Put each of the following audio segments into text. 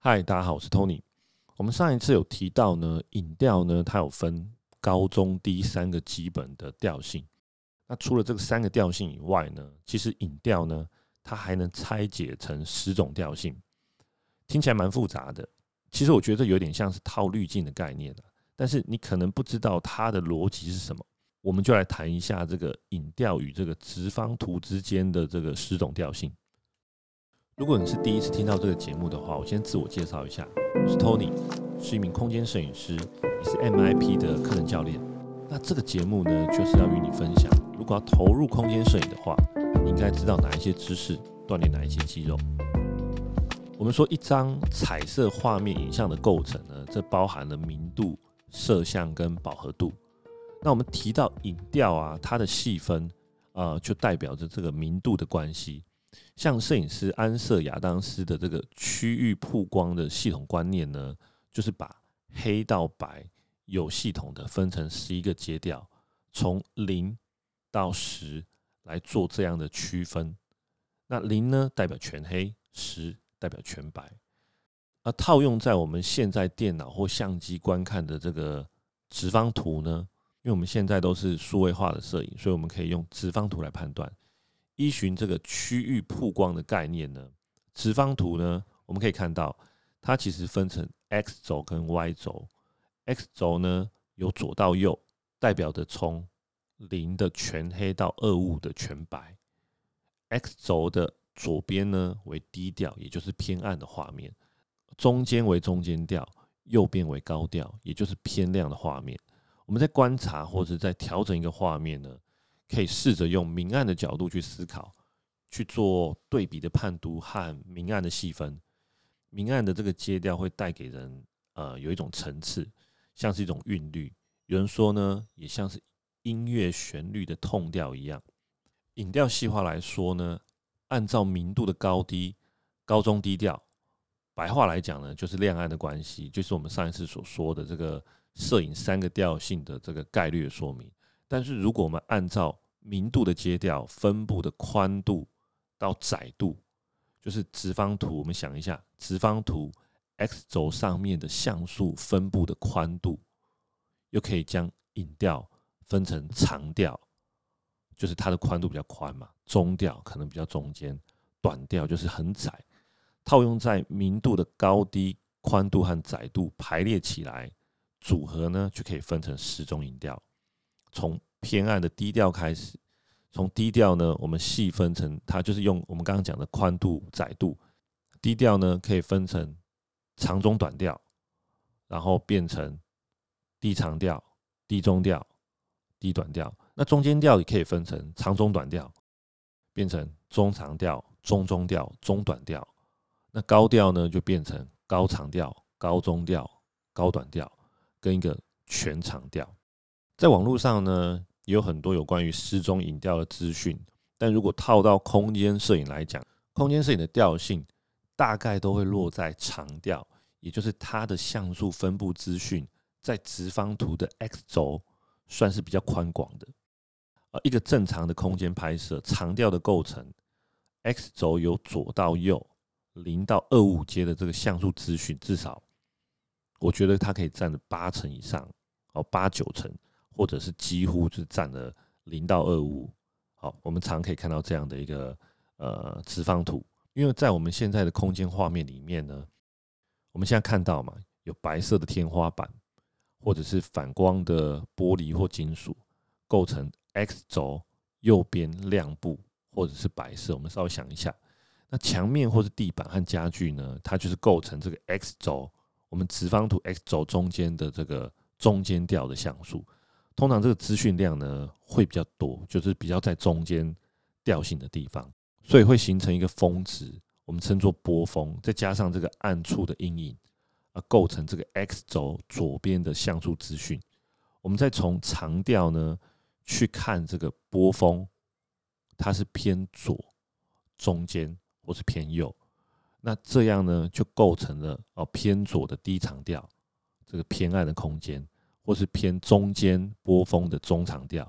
嗨，大家好，我是 Tony。我們上一次有提到呢，影調呢，它有分高中低三個基本的調性。那除了這個三個調性以外呢，其實影調呢，它還能拆解成十種調性。聽起來蠻複雜的，其實我覺得這有點像是套濾鏡的概念啊。但是你可能不知道它的邏輯是什麼，我們就來談一下這個影調與這個直方圖之間的這個十種調性。如果你是第一次聽到這個節目的話，我先自我介紹一下，我是 Tony，是一名空間攝影師，也是 MIP 的課程教練。那這個節目呢，就是要與你分享，如果要投入空間攝影的話，你應該知道哪一些知識，鍛鍊哪一些肌肉。我們說一張彩色畫面影像的構成呢，這包含了明度、色相跟飽和度。那我們提到影調啊，它的細分啊，呃，就代表着這個明度的關係。像攝影師安瑟亞當斯的這個區域曝光的系統觀念呢，就是把黑到白有系統的分成十一個階調，從零到十來做這樣的區分。那零呢代表全黑，十代表全白。而套用在我們現在電腦或相機觀看的這個直方圖呢，因為我們現在都是數位化的攝影，所以我們可以用直方圖來判斷。依循這個區域曝光的概念呢，直方圖呢，我們可以看到它其實分成 X 軸跟 Y 軸，X 軸呢由左到右代表的從零的全黑到二五的全白，X 軸的左邊呢為低調，也就是偏暗的畫面，中間為中間調，右邊為高調，也就是偏亮的畫面。我們在觀察或者是在調整一個畫面呢。可以試着用明暗的角度去思考，去做對比的判讀和明暗的細分。明暗的這個階調會帶給人呃，有一種層次，像是一種韻律。有人說呢，也像是音樂旋律的 tone 調一樣。影調細化來說呢，按照明度的高低，高中低調。白話來講呢，就是亮暗的關係，就是我們上一次所說的這個攝影三個調性的這個概率的說明。但是，如果我們按照明度的階調分布的寬度到窄度，就是直方圖，我們想一下，直方圖 x 軸上面的像素分布的寬度，又可以將影調分成長調，就是它的寬度比較寬嘛；中調可能比較中間；短調就是很窄。套用在明度的高低、寬度和窄度排列起來組合呢，就可以分成十種影調。從偏暗的低調開始，從低調呢，我們細分成它就是用我們剛剛講的寬度、窄度。低調呢可以分成長、中、短調，然後變成低長調、低中調、低短調。那中間調也可以分成長、中、短調，變成中長調、中中調、中短調。那高調呢就變成高長調、高中調、高短調，跟一個全長調。在網絡上呢，也有很多有關於十種影調的資訊。但如果套到空間攝影來講，空間攝影的調性大概都會落在長調，也就是它的像素分布資訊在直方圖的 X 軸算是比較寬廣的。而一個正常的空間拍攝長調的構成，X 軸由左到右，零到二五階的這個像素資訊，至少我覺得它可以占八成以上，哦，八九成。或者是幾乎是占了零到二五，好，我們常可以看到這樣的一個呃直方圖，因為在我們現在的空間畫面裡面呢，我們現在看到嘛，有白色的天花板，或者是反光的玻璃或金屬構成 X 軸右邊亮部或者是白色。我們稍微想一下，那牆面或是地板和家具呢，它就是構成這個 X 軸，我們直方圖 X 軸中間的這個中間調的像素。通常這個資訊量呢會比較多，就是比較在中間調性的地方，所以會形成一個峰值，我們稱作波峰，再加上這個暗處的陰影，啊，構成這個 X 軸左邊的像素資訊。我們再從長調呢去看這個波峰，它是偏左、中間或是偏右，那這樣呢就構成了，哦，偏左的低長調，這個偏暗的空間。或是偏中間波峰的中長調，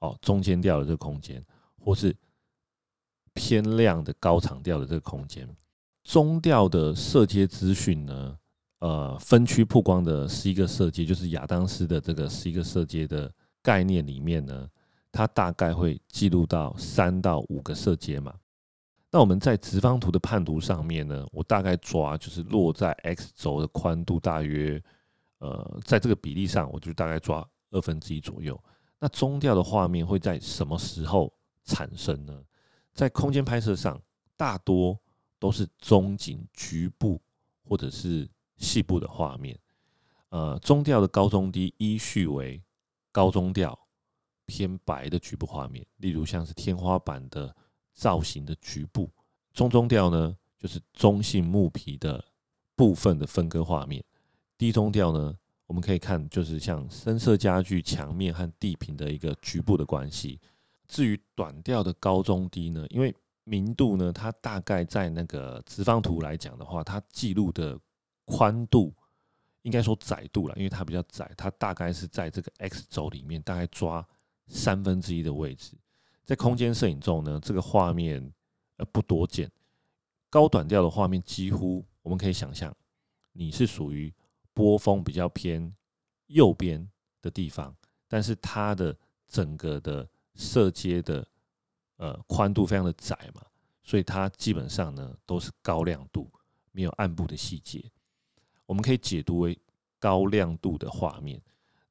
哦，中間調的這個空間，或是偏亮的高長調的這個空間。中調的色階資訊呢，呃，分區曝光的十一個色階，就是亞當斯的這個十一個色階的概念裡面呢，它大概會記錄到三到五個色階嘛。那我們在直方圖的判圖上面呢，我大概抓就是落在 X 軸的寬度大約。呃，在這個比例上，我就大概抓二分之一左右。那中調的畫面會在什麼時候產生呢？在空間拍攝上，大多都是中景、局部或者是細部的畫面。呃，中調的高中低依序為高中調偏白的局部畫面，例如像是天花板的造型的局部；中中調呢，就是中性木皮的部分的分割畫面。低中調呢，我們可以看，就是像深色家具、牆面和地坪的一個局部的關係。至於短調的高中低呢，因為明度呢，它大概在那個直方圖來講的話，它記錄的寬度，應該說窄度啦，因為它比較窄，它大概是在這個 X 軸裡面大概抓三分之一的位置。在空間攝影中呢，這個畫面呃不多見，高短調的畫面幾乎我們可以想象，你是屬於。波峰比較偏右邊的地方，但是它的整個的色階的呃寬度非常的窄嘛，所以它基本上呢都是高亮度，沒有暗部的細節。我們可以解讀為高亮度的畫面。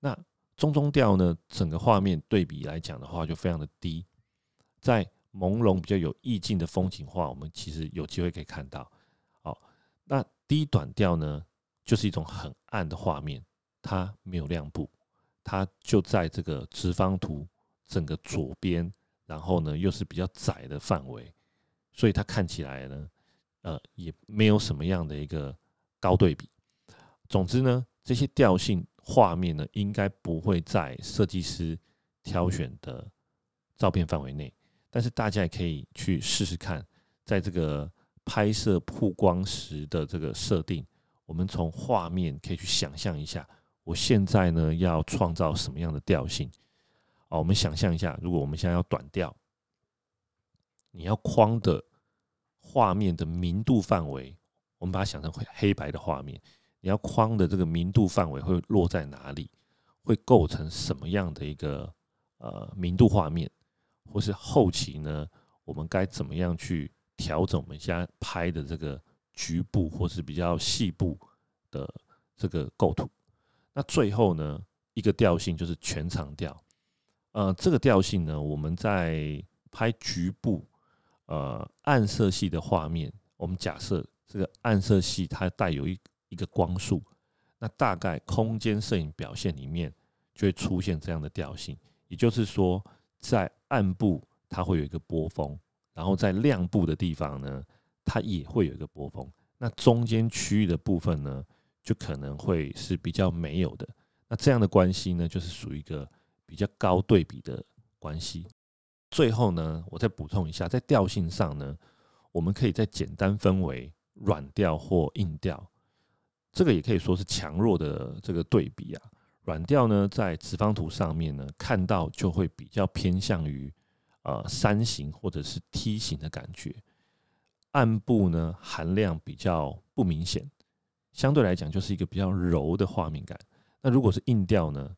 那中中調呢，整個畫面對比來講的話就非常的低。在朦朧比較有意境的風景畫，我們其實有機會可以看到。好，那低短調呢？就是一種很暗的畫面，它沒有亮部，它就在這個直方圖整個左邊，然後呢又是比較窄的範圍，所以它看起來呢，呃，也沒有什麼樣的一個高對比。總之呢，這些調性畫面呢，應該不會在設計師挑選的照片範圍內。但是大家也可以去試試看，在這個拍攝曝光時的這個設定。我們從畫面可以去想象一下，我現在呢要創造什麼樣的調性？啊，我們想象一下，如果我們現在要短調，你要框的畫面的明度範圍，我們把它想成黑黑白的畫面，你要框的這個明度範圍會落在哪裡？會構成什麼樣的一個呃明度畫面？或是後期呢，我們該怎麼樣去調整我們現在拍的這個？局部，或是比較細部的這個構圖，那最後呢，一個調性就是全場調。呃，這個調性呢，我們在拍局部，呃，暗色系的畫面，我們假設這個暗色系它帶有一一個光束，那大概空間攝影表現裡面就會出現這樣的調性，也就是說，在暗部它會有一個波峰，然後在亮部的地方呢。它也會有一個波峰，那中間區域的部分呢，就可能會是比較沒有的。那這樣的關係呢，就是屬於一個比較高對比的關係。最後呢，我再補充一下，在調性上呢，我們可以再簡單分為軟調或硬調。這個也可以說是強弱的這個對比啊。軟調呢，在直方圖上面呢，看到就會比較偏向於呃山形或者是梯形的感覺。暗部呢含量，比較不明顯，相對來講就是一個比較柔的畫面感。那如果是硬調呢，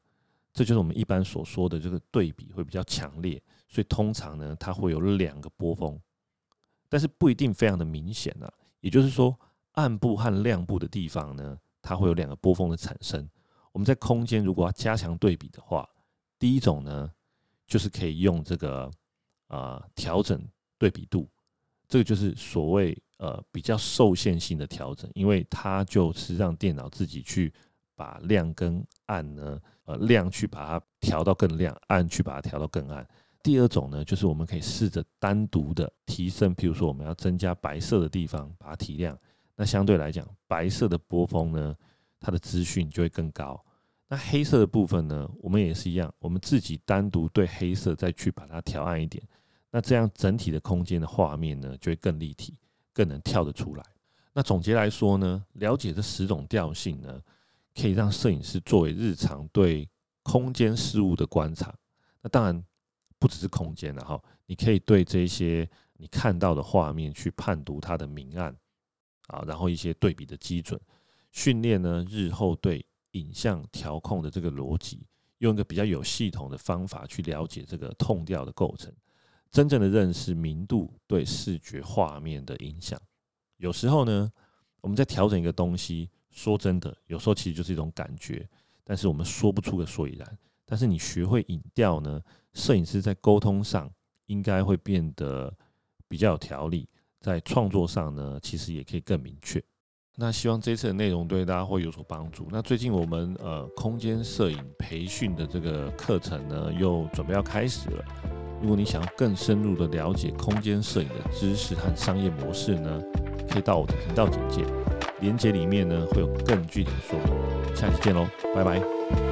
這就是我們一般所說的這個對比會比較強烈，所以通常呢，它會有兩個波峰，但是不一定非常的明顯吶。也就是說，暗部和亮部的地方呢，它會有兩個波峰的產生。我們在空間如果要加強對比的話，第一種呢，就是可以用這個啊、呃、調整對比度。這個就是所謂呃比較受限性的調整，因為它就是讓電腦自己去把亮跟暗呢，呃亮去把它調到更亮，暗去把它調到更暗。第二種呢，就是我們可以試着單獨的提升，比如說我們要增加白色的地方，把它提亮，那相對來講，白色的波峰呢，它的資訊就會更高。那黑色的部分呢，我們也是一樣，我們自己單獨對黑色再去把它調暗一點。那這樣整體的空間的畫面呢，就會更立體，更能跳得出來。那總結來說呢，了解這十種調性呢，可以讓攝影師作為日常對空間事物的觀察。那當然不只是空間了哈，你可以對這些你看到的畫面去判讀它的明暗啊，然後一些對比的基準訓練呢，日後對影像調控的這個邏輯，用一個比較有系統的方法去了解這個影調的構成。真正的認識明度對視覺畫面的影響，有時候呢，我們在調整一個東西，說真的，有時候其實就是一種感覺，但是我們說不出個所以然。但是你學會影調呢，攝影師在溝通上應該會變得比較有條理，在創作上呢，其實也可以更明確。那希望這次的內容對大家會有所幫助。那最近我們呃空間攝影培訓的這個課程呢，又準備要開始了。如果你想要更深入的了解空間攝影的知識和商業模式呢，可以到我的頻道簡介鏈接裡面呢，會有更具體的說明。下期見嘍，拜拜。